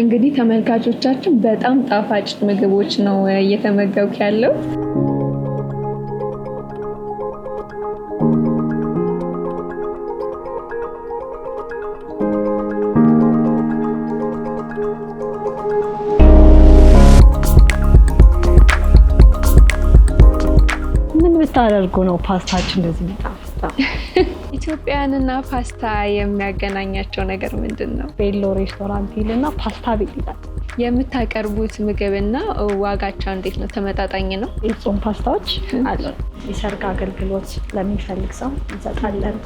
እንግዲህ ተመልካቾቻችን በጣም ጣፋጭ ምግቦች ነው እየተመገብኩ ያለው። ምን ብታደርጉ ነው ፓስታችን እንደዚህ ሚጣፍጣ? ኢትዮጵያውያንና ፓስታ የሚያገናኛቸው ነገር ምንድን ነው? ቤሎ ሬስቶራንት ይልና ፓስታ ቤት ይላል። የምታቀርቡት ምግብና ዋጋቸው እንዴት ነው? ተመጣጣኝ ነው? የጾም ፓስታዎች አሉ። የሰርግ አገልግሎት ለሚፈልግ ሰው እንሰጣለን።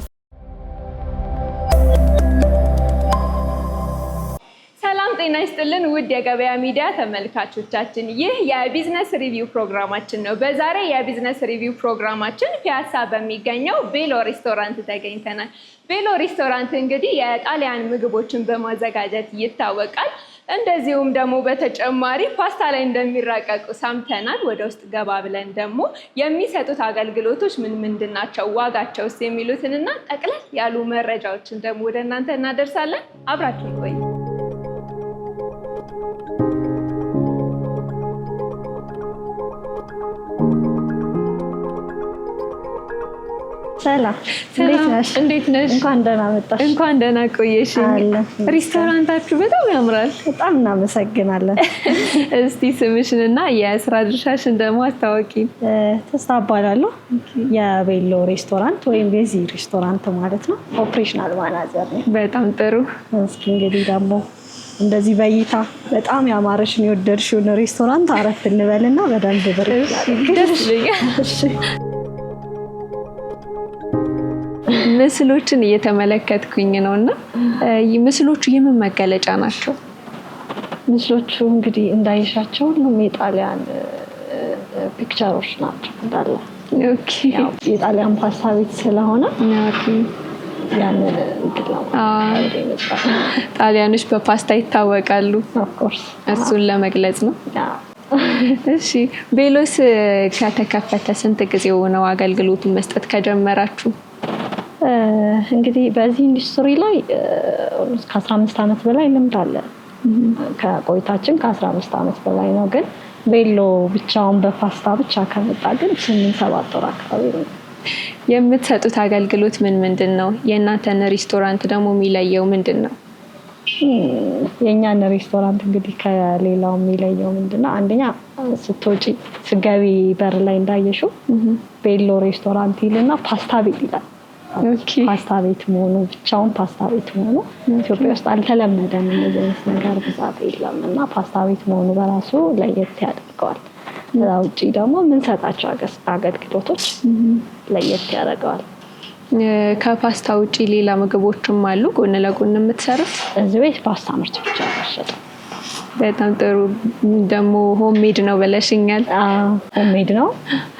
ጤና ይስጥልን ውድ የገበያ ሚዲያ ተመልካቾቻችን፣ ይህ የቢዝነስ ሪቪው ፕሮግራማችን ነው። በዛሬ የቢዝነስ ሪቪው ፕሮግራማችን ፒያሳ በሚገኘው ቤሎ ሬስቶራንት ተገኝተናል። ቤሎ ሬስቶራንት እንግዲህ የጣሊያን ምግቦችን በማዘጋጀት ይታወቃል። እንደዚሁም ደግሞ በተጨማሪ ፓስታ ላይ እንደሚራቀቁ ሰምተናል። ወደ ውስጥ ገባ ብለን ደግሞ የሚሰጡት አገልግሎቶች ምን ምንድን ናቸው፣ ዋጋቸውስ የሚሉትንና ጠቅለል ያሉ መረጃዎችን ደግሞ ወደ እናንተ እናደርሳለን። አብራችሁን ቆዩ። ሰላም እንዴት ነሽ? እንኳን ደህና መጣሽ። እንኳን ደህና ቆየሽ። በጣም ያምራል። በጣም እናመሰግናለን። እስቲ ስምሽን እና የስራ ድርሻሽን ደግሞ አስታወቂ። ተስታ እባላለሁ። የቤሎ ሬስቶራንት ወይም የዚህ ሬስቶራንት ማለት ነው ኦፕሬሽናል ማናጀር ነኝ። በጣም ጥሩ። እስኪ እንግዲህ ደግሞ እንደዚህ በይታ በጣም ያማረሽን የወደድሽውን ሬስቶራንት አረፍ እንበልና በደንብ ብር ምስሎችን እየተመለከትኩኝ ነው እና ምስሎቹ የምን መገለጫ ናቸው? ምስሎቹ እንግዲህ እንዳይሻቸው ሁሉም የጣሊያን ፒክቸሮች ናቸው እንዳለ የጣሊያን ፓስታ ቤት ስለሆነ ጣሊያኖች በፓስታ ይታወቃሉ። እሱን ለመግለጽ ነው። እሺ፣ ቤሎስ ከተከፈተ ስንት ጊዜ ሆነው አገልግሎቱን መስጠት ከጀመራችሁ? እንግዲህ በዚህ ኢንዱስትሪ ላይ ከአስራ አምስት ዓመት በላይ ልምድ አለ። ከቆይታችን ከአስራ አምስት ዓመት በላይ ነው። ግን ቤሎ ብቻውን በፓስታ ብቻ ከመጣ ግን ስምንት ሰባት ወር አካባቢ ነው። የምትሰጡት አገልግሎት ምን ምንድን ነው? የእናንተን ሬስቶራንት ደግሞ የሚለየው ምንድን ነው? የእኛን ሬስቶራንት እንግዲህ ከሌላው የሚለየው ምንድነው? አንደኛ ስትወጪ ስገቢ በር ላይ እንዳየሽው ቤሎ ሬስቶራንት ይልና ፓስታ ቤት ይላል። ፓስታ ቤት መሆኑ ብቻውን ፓስታ ቤት መሆኑ ኢትዮጵያ ውስጥ አልተለመደም። እንደዚህ አይነት ነገር ብዛት የለም እና ፓስታ ቤት መሆኑ በራሱ ለየት ያደርገዋል። እዛ ውጭ ደግሞ የምንሰጣቸው አገልግሎቶች ለየት ያደርገዋል። ከፓስታ ውጭ ሌላ ምግቦችም አሉ ጎን ለጎን የምትሰሩት? እዚህ ቤት ፓስታ ምርት ብቻ ነው በጣም ጥሩ ደግሞ ሆሜድ ነው ብለሽኛል። ሆሜድ ነው፣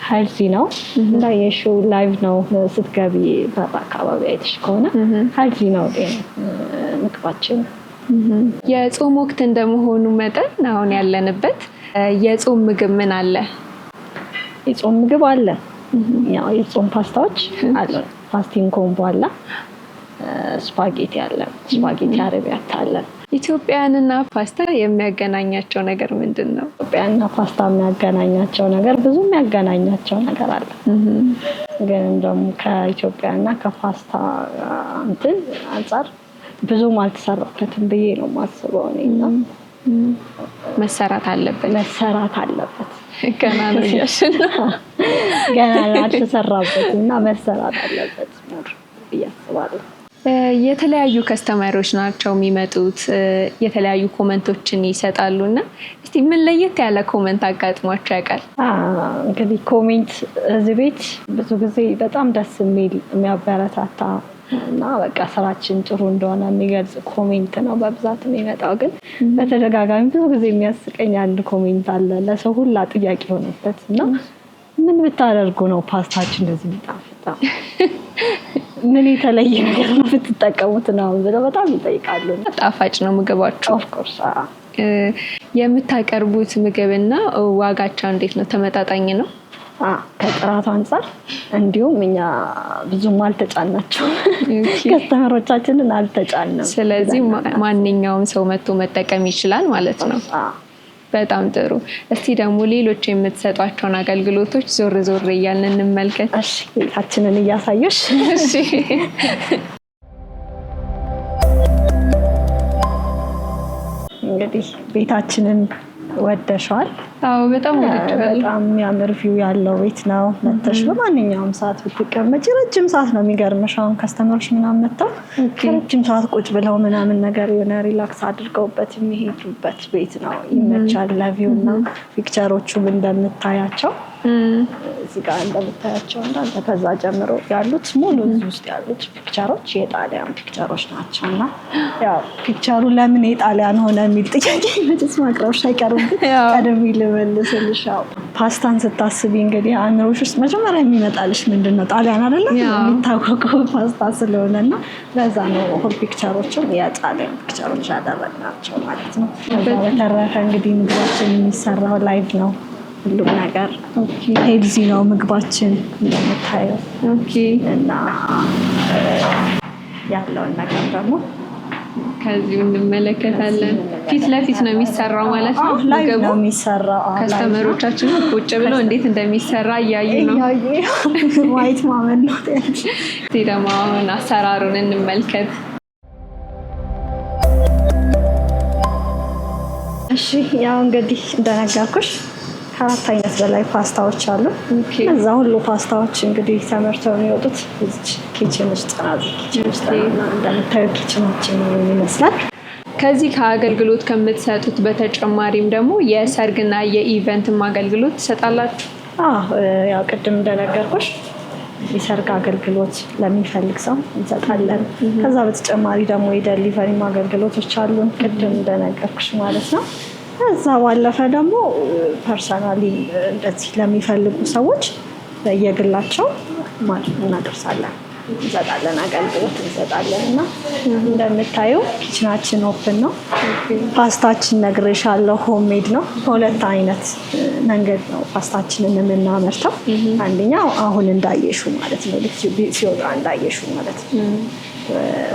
ሄልዚ ነው። እንዳየሽው ላይቭ ነው ስትገቢ በአካባቢ አካባቢ አይተሽ ከሆነ ሀልዚ ነው ምግባችን። የጾም ወቅት እንደመሆኑ መጠን አሁን ያለንበት የጾም ምግብ ምን አለ? የጾም ምግብ አለ፣ የጾም ፓስታዎች አሉ። ፋስቲንግ ኮምቦ አለ ስፓጌቲ አለ፣ ስፓጌቲ አረቢያት አለ። ኢትዮጵያንና ፓስታ የሚያገናኛቸው ነገር ምንድን ነው? ኢትዮጵያንና ፓስታ የሚያገናኛቸው ነገር ብዙ የሚያገናኛቸው ነገር አለ። ግን ደግሞ ከኢትዮጵያና ከፓስታ እንትን አንጻር ብዙም አልተሰራበትም ብዬ ነው የማስበው እኔና መሰራት አለበት መሰራት አለበት። ገና ነው እያልሽን ገና አልተሰራበትም እና መሰራት አለበት ብዬ አስባለሁ። የተለያዩ ከስተመሮች ናቸው የሚመጡት። የተለያዩ ኮመንቶችን ይሰጣሉ እና እስቲ ምን ለየት ያለ ኮመንት አጋጥሟቸው ያውቃል? እንግዲህ ኮሜንት እዚህ ቤት ብዙ ጊዜ በጣም ደስ የሚል የሚያበረታታ እና በቃ ስራችን ጥሩ እንደሆነ የሚገልጽ ኮሜንት ነው በብዛት የሚመጣው። ግን በተደጋጋሚ ብዙ ጊዜ የሚያስቀኝ አንድ ኮሜንት አለ፣ ለሰው ሁላ ጥያቄ የሆነበት እና ምን ብታደርጉ ነው ፓስታችን እንደዚህ የሚጣፍጣ ምን የተለየ ነገር ነው የምትጠቀሙት? ነው ብለው በጣም ይጠይቃሉ። ጣፋጭ ነው ምግባቸው። ኦፍኮርስ የምታቀርቡት ምግብና ዋጋቸው እንዴት ነው? ተመጣጣኝ ነው ከጥራቱ አንጻር እንዲሁም እኛ ብዙም አልተጫናቸው ከስተመሮቻችንን አልተጫንም። ስለዚህ ማንኛውም ሰው መጥቶ መጠቀም ይችላል ማለት ነው። በጣም ጥሩ። እስቲ ደግሞ ሌሎች የምትሰጧቸውን አገልግሎቶች ዞር ዞር እያልን እንመልከት። እሺ፣ ቤታችንን እያሳየሽ። እሺ እንግዲህ ቤታችንን ወደሸዋል? አዎ በጣም በጣም የሚያምር ቪው ያለው ቤት ነው። መተሽ በማንኛውም ሰዓት ብትቀመጭ ረጅም ሰዓት ነው የሚገርምሽ። አሁን ከስተመሮች ምናምን መጥተው ረጅም ሰዓት ቁጭ ብለው ምናምን ነገር የሆነ ሪላክስ አድርገውበት የሚሄዱበት ቤት ነው። ይመቻል። ለቪው እና ፒክቸሮቹም እንደምታያቸው እዚህ ጋር እንደምታያቸው እንዳለ ከዛ ጀምሮ ያሉት ሙሉ እዚህ ውስጥ ያሉት ፒክቸሮች የጣሊያን ፒክቸሮች ናቸው። እና ያው ፒክቸሩ ለምን የጣሊያን ሆነ የሚል ጥያቄ መጭስ ማቅረብ አይቀርም። ቀደም ልመልስልሽ። ያው ፓስታን ስታስቢ እንግዲህ አእምሮሽ ውስጥ መጀመሪያ የሚመጣልሽ ምንድን ነው? ጣሊያን አደለ የሚታወቀው ፓስታ ስለሆነ እና በዛ ነው ሁል ፒክቸሮችም የጣሊያን ፒክቸሮች ያደረግ ናቸው ማለት ነው። በተረፈ እንግዲህ ምግባችን የሚሰራው ላይቭ ነው ሁሉም ነገር ሄልዚ ነው ምግባችን እንደምታየው እና ያለውን ነገር ደግሞ ከዚሁ እንመለከታለን። ፊት ለፊት ነው የሚሰራው ማለት ነው። ገቡ የሚሰራው ከስተመሮቻችን ቁጭ ብለው እንዴት እንደሚሰራ እያዩ ነው። ማየት ማመን ነው። ደግሞ አሁን አሰራሩን እንመልከት። እሺ ያው እንግዲህ እንደነገርኩሽ ከአራት አይነት በላይ ፓስታዎች አሉ። እዛ ሁሉ ፓስታዎች እንግዲህ ተመርተው የሚወጡት እዚች ኪችን ውስጥ ኪችን እንደምታዩ ኪችናችን ይመስላል። ከዚህ ከአገልግሎት ከምትሰጡት በተጨማሪም ደግሞ የሰርግና የኢቨንትም አገልግሎት ትሰጣላችሁ? ያው ቅድም እንደነገርኩሽ የሰርግ አገልግሎት ለሚፈልግ ሰው እንሰጣለን። ከዛ በተጨማሪ ደግሞ የደሊቨሪም አገልግሎቶች አሉን፣ ቅድም እንደነገርኩሽ ማለት ነው። ከዛ ባለፈ ደግሞ ፐርሰናሊ እንደዚህ ለሚፈልጉ ሰዎች በየግላቸው እናደርሳለን፣ እንሰጣለን፣ አገልግሎት እንሰጣለን። እና እንደምታየው ኪችናችን ኦፕን ነው። ፓስታችን ነግሬሻለሁ፣ ሆሜድ ነው። በሁለት አይነት መንገድ ነው ፓስታችንን የምናመርተው። አንደኛው አሁን እንዳየሹ ማለት ነው፣ ልክ ሲወጣ እንዳየሹ ማለት ነው።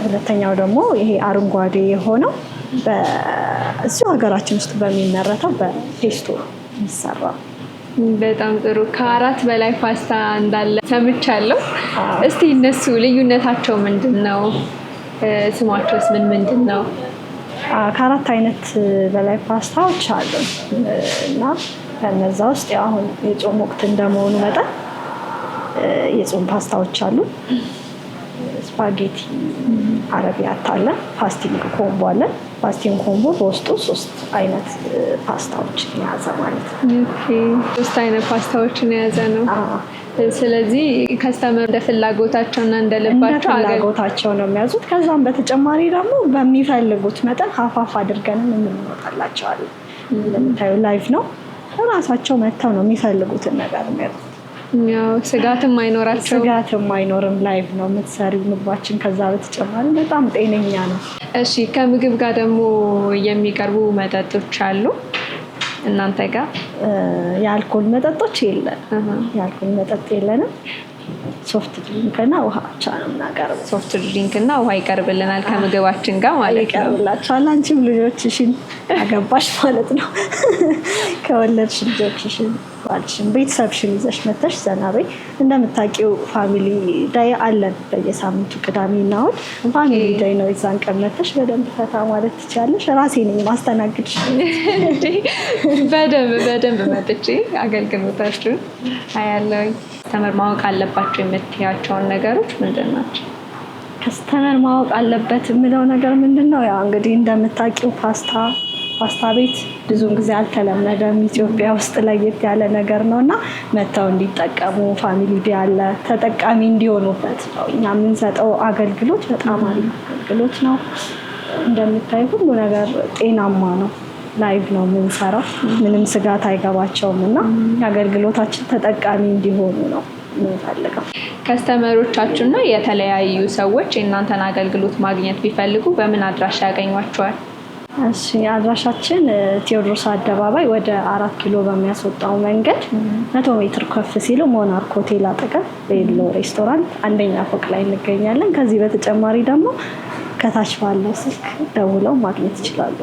ሁለተኛው ደግሞ ይሄ አረንጓዴ የሆነው እዚሁ ሀገራችን ውስጥ በሚመረተው በፔስቶ የሚሰራ በጣም ጥሩ። ከአራት በላይ ፓስታ እንዳለ ሰምቻለሁ። እስቲ እነሱ ልዩነታቸው ምንድን ነው? ስማቸውስ ምን ምንድን ነው? ከአራት አይነት በላይ ፓስታዎች አሉ እና ከነዛ ውስጥ አሁን የጾም ወቅት እንደመሆኑ መጠን የጾም ፓስታዎች አሉ። ስፓጌቲ አረቢያት አለን፣ ፓስቲንግ ኮምቦ አለን ፓስቲን ኮምቦ በውስጡ ሶስት አይነት ፓስታዎችን የያዘ ማለት ነው። ሶስት አይነት ፓስታዎችን የያዘ ነው። ስለዚህ ከስተመር እንደ ፍላጎታቸው እና እንደ ልባቸው ፍላጎታቸው ነው የሚያዙት። ከዛም በተጨማሪ ደግሞ በሚፈልጉት መጠን ሀፋፍ አድርገንም የምንወጣላቸዋለን። እንደምታዩ ላይቭ ነው። ራሳቸው መጥተው ነው የሚፈልጉትን ነገር የሚያዙት። ስጋትም አይኖራቸው ስጋትም አይኖርም። ላይቭ ነው የምትሰሪው ምግባችን። ከዛ በተጨማሪ በጣም ጤነኛ ነው። እሺ፣ ከምግብ ጋር ደግሞ የሚቀርቡ መጠጦች አሉ እናንተ ጋር? የአልኮል መጠጦች የለን፣ የአልኮል መጠጥ የለንም። ሶፍት ድሪንክ እና ውሃ ብቻ ነው የምናቀርበው። ሶፍት ድሪንክ እና ውሃ ይቀርብልናል ከምግባችን ጋር ማለት ነው። ይቀርብላቸዋል። አንቺም ልጆችሽን አገባሽ ማለት ነው። ከወለድሽ ልጆችሽን፣ ባልሽን፣ ቤተሰብሽን ይዘሽ መተሽ ዘና በይ። እንደምታውቂው ፋሚሊ ዳይ አለን በየሳምንቱ ቅዳሜ እና እሑድ ፋሚሊ ዳይ ነው። የዛን ቀን መተሽ በደንብ ፈታ ማለት ትችላለሽ። ራሴ ነኝ ማስተናግድሽ። በደንብ በደንብ መጥቼ አገልግሎታችሁን አያለውኝ ተመር ማወቅ አለባ አለባቸው የምትያቸውን ነገሮች ምንድን ናቸው? ከስተመር ማወቅ አለበት የምለው ነገር ምንድን ነው? ያው እንግዲህ እንደምታውቂው ፓስታ ፓስታ ቤት ብዙን ጊዜ አልተለመደም። ኢትዮጵያ ውስጥ ለየት ያለ ነገር ነው እና መጥተው እንዲጠቀሙ ፋሚሊ ቢያለ ተጠቃሚ እንዲሆኑበት ነው። እኛ የምንሰጠው አገልግሎት በጣም አሪፍ አገልግሎት ነው። እንደምታይ ሁሉ ነገር ጤናማ ነው። ላይቭ ነው የምንሰራው፣ ምንም ስጋት አይገባቸውም እና የአገልግሎታችን ተጠቃሚ እንዲሆኑ ነው የምንፈልገው። ከስተመሮቻችሁና የተለያዩ ሰዎች የእናንተን አገልግሎት ማግኘት ቢፈልጉ በምን አድራሻ ያገኟቸዋል? እሺ አድራሻችን ቴዎድሮስ አደባባይ ወደ አራት ኪሎ በሚያስወጣው መንገድ መቶ ሜትር ከፍ ሲሉ ሞናርክ ሆቴል አጠገብ በየሎ ሬስቶራንት አንደኛ ፎቅ ላይ እንገኛለን። ከዚህ በተጨማሪ ደግሞ ከታች ባለው ስልክ ደውለው ማግኘት ይችላሉ።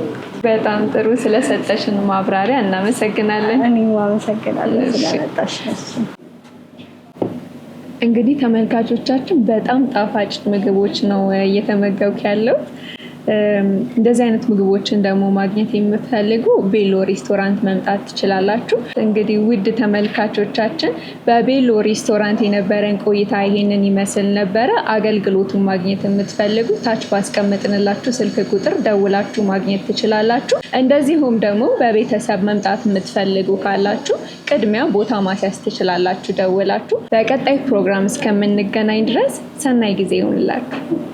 በጣም ጥሩ። ስለሰጠሽን ማብራሪያ እናመሰግናለን። እኔም አመሰግናለን ስለመጣሽ። እንግዲህ ተመልካቾቻችን በጣም ጣፋጭ ምግቦች ነው እየተመገብኩ ያለው። እንደዚህ አይነት ምግቦችን ደግሞ ማግኘት የምፈልጉ ቤሎ ሬስቶራንት መምጣት ትችላላችሁ። እንግዲህ ውድ ተመልካቾቻችን በቤሎ ሬስቶራንት የነበረን ቆይታ ይሄንን ይመስል ነበረ። አገልግሎቱን ማግኘት የምትፈልጉ ታች ባስቀምጥንላችሁ ስልክ ቁጥር ደውላችሁ ማግኘት ትችላላችሁ። እንደዚሁም ደግሞ በቤተሰብ መምጣት የምትፈልጉ ካላችሁ ቅድሚያ ቦታ ማስያዝ ትችላላችሁ ደውላችሁ። በቀጣይ ፕሮግራም እስከምንገናኝ ድረስ ሰናይ ጊዜ ይሁንላችሁ።